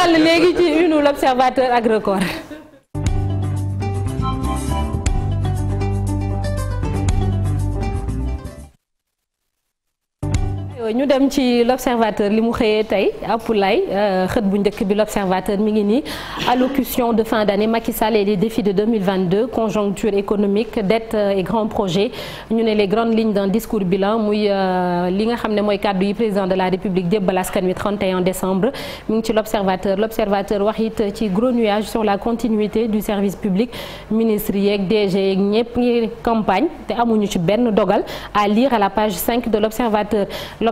jàll léegi ci une l'observateur ak record ñu dem ci l'observateur li mu xëyee tey Apoulaye euh, xët bu njëkk bi l'observateur mi ngi nii allocution de fin d'année Macky Sall et les de 2022 conjoncture économique dette euh, et grands projets ñu ne les grandes lignes d'un discours bilan muy euh, li nga xam ne mooy kàddu yi président de la République jébbal askan wi 31 décembre mi ngi ci l'observateur l'observateur wax it ci gros nuage sur la continuité du service public ministre yeeg DG yeeg ñëpp ngi campagne te amuñu ci benn dogal à lire à la page 5 de l'observateur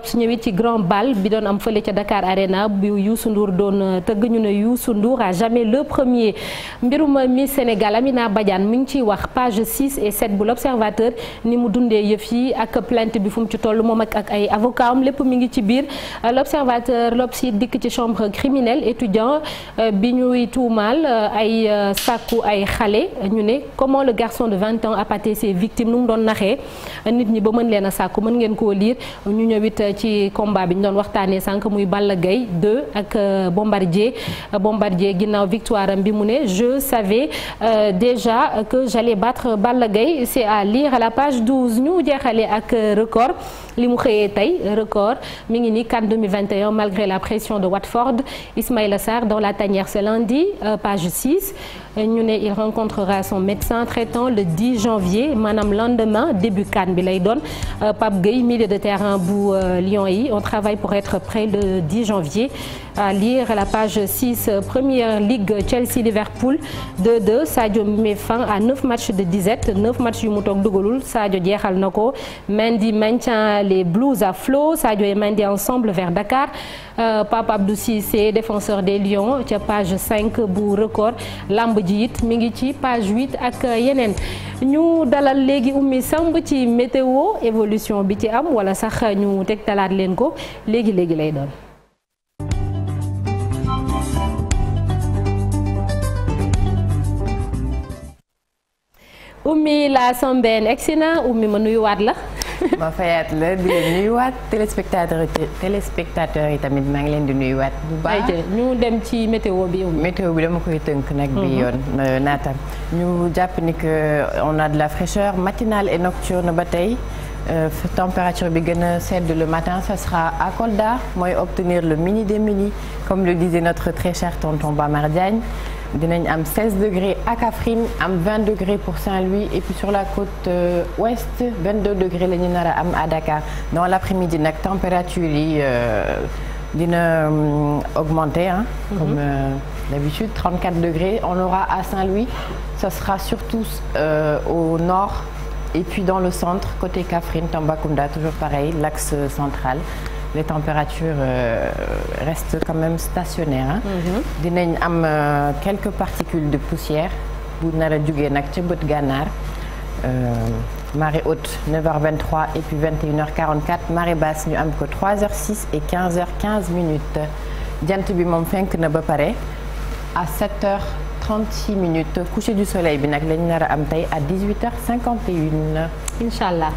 su ñëwee ci grand bal bi doon am fële ca Dakar Arena bu Youssou Ndour doon euh, tëgg ñu ne Youssou Ndour à jamais le premier mbirum euh, Miss Sénégal Amina Badiane mi ngi ciy wax page 6 et 7 bu l'Observateur ni mu dundee yëf yi ak plainte bi fu mu ci toll moom ak ak ay avocat lépp mi ngi ci biir euh, l'Observateur l'Obs dikk ci chambre criminelle étudiant bi ñuy tuumaal ay sàkku ay xale ñu ne comment le garçon de 20 ans a pâté victimes nu mu doon naxee nit ñi mën ngeen koo ci combat bi ñu doon waxtaanee sànq muy Balla Gaye 2 ak euh, Bombardier euh, Bombardier ginnaaw victoire am bi mu ne je savais euh, déjà que j'allais battre Balla Gaye c'est à lire à la page 12 ñu jeexale ak record li mu xëyee tey record mi ngi ni CAN 2021 malgré la pression de Watford Ismaïla Sarr dans la tanière ce lundi page 6 ñu ne il rencontrera son médecin traitant le 10 janvier maanaam lendemain début CAN bi lay doon Pape Gueye de terrain bu Lyon yi on travaille pour être prêt le 10 janvier à lire la page 6 première ligue Chelsea Liverpool 2-2 Sadio met fin à 9 matchs de disette 9 matchs yu mu toog dugalul Sadio jeexal na ko Mendy maintient les Blues à flot Sadio et Mendy ensemble vers Dakar euh, Pape Abdou Cissé défenseur des Lions ca page bu record lamb ji it ci page ak yeneen ñu dalal léegi ummi Samb ci météo évolution bi ci am wala sax ñu talaat leen ko léegi léegi lay doon. Oumy la Sambène egsi na Oumy ma nuyuwaat la. ma fayaat la di leen nuyuwaat téléspectateur téléspectateur yi tamit maa ngi leen di nuyuwaat. bu baax ñu dem ci météo bi. météo bi dama koy tënk nag. bi mhm. yoon euh, naata ñu jàpp ni que euh, on a de la fraîcheur matinale et nocturne ba tey. Euh, température bi gën a sedd le matin ça sera à Kolda mooy obtenir le mini des minis comme le disait notre très cher tonton Bamar Diagne dinañ am 16 degrés à Kaffrine am 20 degrés pour Saint-Louis et puis la côte euh, ouest 22 degrés la ñu nar a am à Dakar dans l'après-midi nag température yi euh, dina euh, augmenter hein mhm. comme d'habitude 34 degrés on aura à Saint-Louis ça sera surtout au nord et puis dans le centre côté Kaffrine Tambacounda toujours pareil l'axe central les températures euh, restent quand même stationnaires mhm. dinañ am euh, quelques particules de poussière bu nar a jugee nag ca bët gànnaar euh, marée haute 9h23 et puis 21h44 marée basse ñu am ko 3h06 et 15h15 minutes jant bi moom fenk na ba pare à 7h 36 minutes coucher du soleil bi nag lañu nar am tey à 18h51. incha allah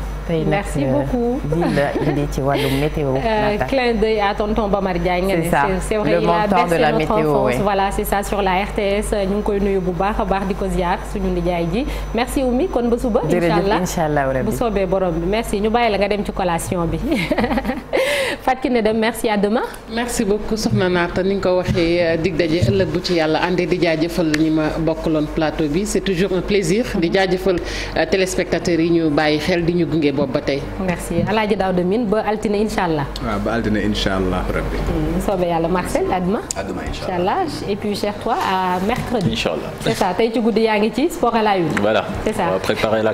merci beaucoup tey nag la ci wàllum météo. Euh, naata clin d'œil à tonton Bamar Diagne. c'est c'est vrai il a bercé notre enfance voilà c'est ça sur la RTS ñu ngi koy nuyu bu baax a baax di ko ziar suñu nijaay ji merci Oumy kon ba suba. incha allah jërëjëf allah bu soobee borom bi merci ñu bàyyi la nga dem ci collation bi. Fatou Kiné Deme merci à demain. merci beaucoup soxna Naata ni nga waxee euh, dig ëllëg bu ci yàlla àndee di jaajëfal ñi ma bokkaloon plateau bi c'est toujours un plaisir di jaajëfal euh, téléspectateurs yi ñu bàyyi xel di ñu gunge boobu ba tey. merci Alaaji Daouda Mine ba altine incha allah. waaw ba altine incha allah rabbi. Hmm, soobee yàlla Marcel à demain. à demain incha allah et puis cher toi à mercredi. incha allah c'est ça tey ci guddi yaa ngi ci sport à la une. voilà c'est ça on va préparer la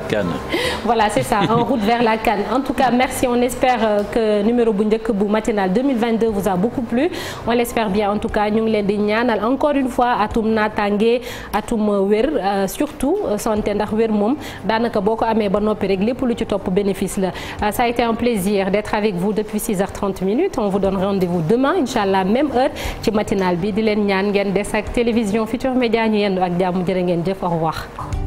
c'est ça en route vers la euh, bu njëkk. bu matinal 2022 vous a beaucoup plu on l'espère bien en tout cas ñu ngi leen di ñaanal encore une fois atum naataange atum wér euh, surtout euh, santé ndax wér moom daanaka boo ko amee ba noppi rek lépp lu ci topp bénéfice la euh, ça a été un plaisir d'être avec vous depuis 6h30 minutes on vous donne rendez demain inchallah même heure ci matinale bi di leen ñaan ngeen des ak télévision Futur Média ñu yendu ak jàmm jërë ngeen jëf oo wax